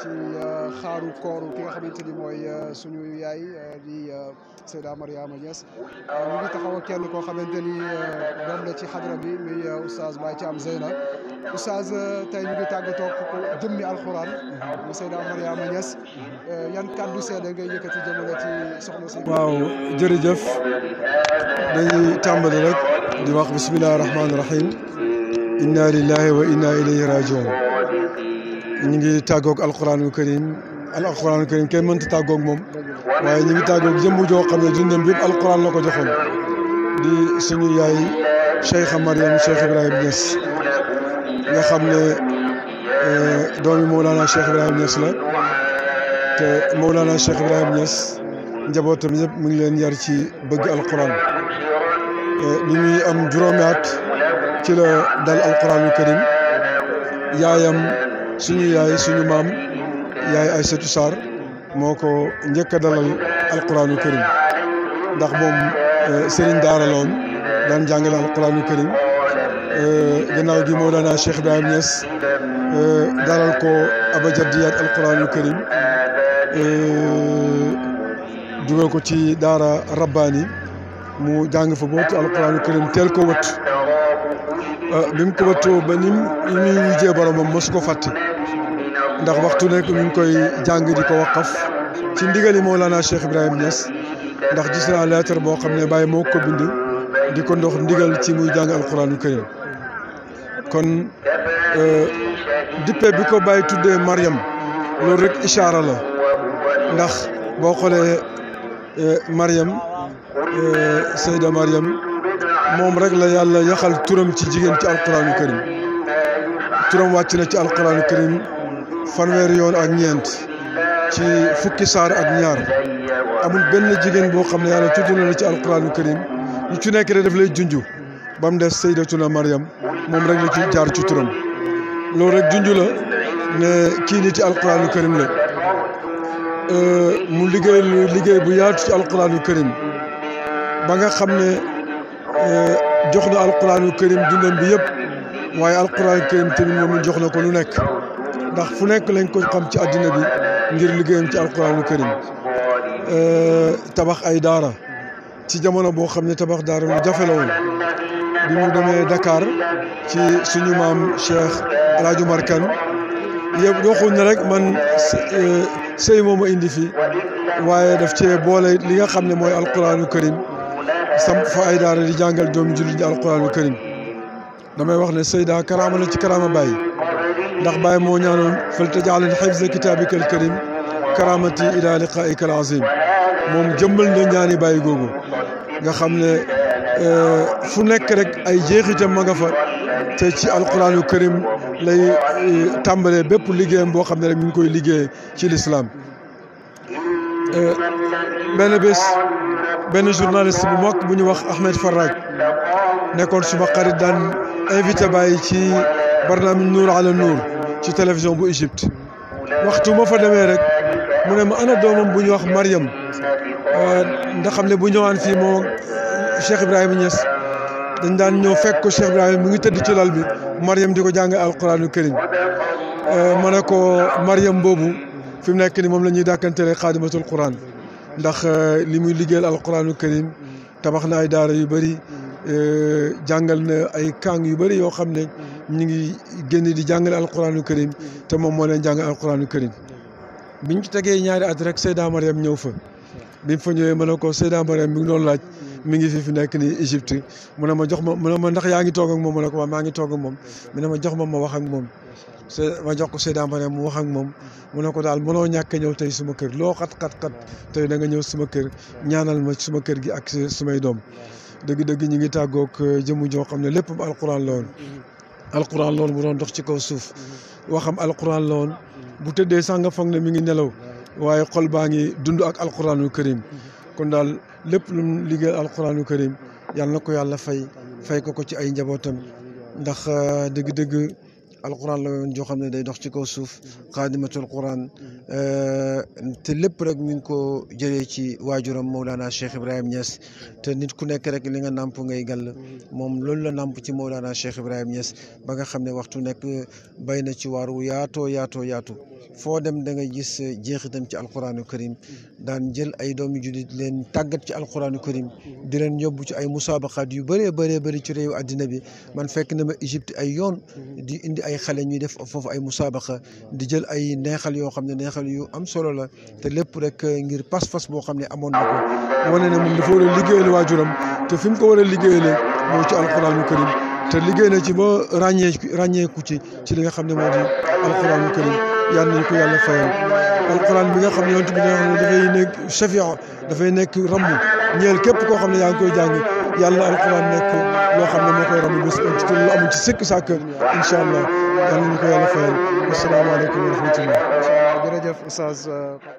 ci euh, xaaru kooru ki nga xamante ni mooy euh, suñu yaay euh, di Seyda Mariama Niass ñu ngi taxaw ak kenn koo xamante ni doom la ci xadra bi muy oustaz Baye Thiam Zeyna oustaz tey ñu ngi tàggatoo ku jëmmi alxuraan mu Seyda Mariama Niass yan kàddu seede ngay yëkkati jëmale ci soxna si. waaw jërëjëf dañuy tàmbali rek di wax bisimilah rahmaani rahim inna lillahi wa inna ilayhi rajiun ñu ngi tàggoog alxuraanul karim alxuraanul karim kenn mënta tàggoog moom waaye ñu ngi tàggoog jëmm joo xam ne dundam yëpp alxuraan la ko joxoon di suñu yaay Cheikh Mariam Cheikh Ibrahim Niass nga xam ne eh, doomi Mawlana Cheikh Ibrahim Niass la te Mawlana Cheikh Ibrahim Niass njabootam yëpp mu ngi leen yar ci bëgg alxuraan eh, bi muy am juróomi at ci la dal alxuraanul karim yaayam. suñu yaay suñu maam yaay Aïssatou Sarr moo ko njëkk a dalal alquranu karim ndax moom euh, sëriñ daara la woon daan jàngale alquranu karim euh, gannaaw gi moo daanaa Cheikh Ibrahim Niass euh, dalal ko abajadiyat alquranu karim dugal ko ci daara rabbaani mu jàng fa booti alquranu karim teel ko wët Euh, bi mu kubatoo ba ni mu ni muy wujjee boromam mosu ko fàtte ndax waxtu nekk mu koy jàng di ko waqaf ci ndigali Mawlana Cheikh Ibrahim Niass ndax gis naa lettre boo xam ne bàyyi moo ko bind di ko ndox ndigal ci muy jàng u karim kon euh, dippe bi ko bàyyi tuddee Mariam loolu rek ishaara la ndax boo xoolee euh, Mariam Seyda Mariam. moom rek la yàlla yaxal turam ci jigéen ci alquraanu karim turam wàcc na ci alquraanu karim fanweeri yoon ak ñeent ci fukki saar a ñaar amul benn jigéen boo xam ne yàlla tudd na la ci alquraanu karim ñu ci nekk rek daf lay junj ba mu des saydatuna Mariam moom rek la ci jaar ci turam loolu rek junj la ne kii nii ci alquraanu karim la euh, mu liggéey liggéey bu yaatu ci alquraanu karim ba nga ne. Eh, jox na alquranul karim dundam bi yëpp waaye alquranul karim tamit moom it jox na ko lu nekk ndax fu nekk lañ ko xam ci àddina bi ngir liggéeyam ci alquranul karim eh, tabax ay daara ci jamono boo xam ne tabax daara lu jafe la woon bi mu demee Dakar ci suñu maam Cheikh El Hadj Omar Kane ne rek man eh, sëy mooma indi fi waaye def ci boole li nga xam ne mooy alquranul karim samp fa ay daara di jàngal doomu jullit di alquranul karim damay wax ne Seyda karaama la ci karaama Baye ndax Baye moo ñaanoon fal tajaalan xifza kitaabika al karim karaamati ila liqaaika al azim moom jëmbal na ñaani Baye googu nga xam ne eh, fu nekk rek ay jeexitam ma nga fa te ci alquranul karim lay eh, tàmbalee bépp liggéeyam boo xam ne rek mi koy liggéey ci lislaam Euh, benn bés benn journaliste bu mag bu ñu wax Ahmed Farag nekkoon suma xarit daan invité Baye ci barnaamij Nour ala Nour ci télévision bu Égypte waxtu ma fa demee rek mu ne ma ana doomam bu ñu wax Mariam euh, ndax xam ne bu ñëwaan fii moo Cheikh Ibrahima Niass dañ daan ñëw fekk ko Cheikh mu ngi tëdd ci lal bi Mariam di ko jàng alquraanu karim euh, ma ne ko Mariam boobu fi mu nekk ni moom la ñuy dàkkantele xaadimatul quran ndax euh, li muy liggéeyal alquraanul karim tabax na ay daara yu bëri euh, jàngal na ay kàng yu bari yoo xam ne ñu ngi génn di jàngale alquraanul karim te moom moo leen jàngal alquraanul karim biñ ci tegee ñaari at rek Seyda Mariam ñëw fa biñ fa ñëwee mën ne ko Seyda Mariam mi ngi doon laaj mi ngi fi fi nekk nii Égypte mu ne ma jox ma mu ne ma ndax yaa ngi toog ak moom ma ne ko waa maa ngi toog moom mu ne ma jox ma ma wax ak moom ma jox ko Seydina Mariam mu wax ak moom mu ne ko daal mënoo ñàkk ñëw tey suma kër loo xat xat xat tey da nga ñëw suma kër ñaanal ma suma kër gi ak sumay doom dëgg-dëgg ñu ngi tàggoog euh, jëmu joo xam ne lépp alquran la woon alquran la woon bu doon dox ci kaw suuf waxam alquran la woon bu tëddee sax nga foog ne mi ngi nelaw waaye xol baa ngi dund ak alquranul karim kon daal lépp lu mu liggéeyal alquranul karim yàlla na ko yàlla fay fay ko ko ci ay njabootam ndax euh, dëgg-dëgg alquran la woon joo xam ne day dox ci kaw suuf mhm. xaadimatul quran mhm. eh, te lépp rek mi ngi ko jëlee ci waajuram Mawlana Cheikh Ibrahima Niass mhm. te nit ku nekk rek li nga nàmp ngay gàll moom loolu la nàmp ci Mawlana Cheikh Ibrahima Niass ba nga xam ne waxtu nekk bay na ci waar wu yaatoo yaatoo yaatu foo dem da nga gis jeexitam ci alquranu karim daan jël ay doomi julit leen tàggat ci alquranu karim di leen yóbbu ci ay musaabaqaat yu bare bëree bëri ci réew addina bi man fekk na ma ay yoon ay xale ñu def foofu ay musaabaqa di jël ay neexal yoo xam ne neexal yu am solo la te lépp rek ngir pas-pas boo xam ne amoon na ko wane ne moom dafa war a liggéeyal waajuram te fi mu ko war a liggéeyale moo ci alquraanu karim te na ci ba ràññee ràññeeku ci ci li nga ne moo di alquraanu karim yàlla nañ ko yàlla fayal alquraan bi nga xam ne yonent bi nga xam ne dafay nekk shafia dafay nekk rambu ñeel képp koo xam ne yaa koy jàng yàlla alquran nekk loo xam ne moo koy ràmm bés ci lu amul ci sëkk sàkk incha allah yàlla ñu ko yàlla fayal asalaamaaleykum wa rahmatullah jërëjëf Oustaz euh,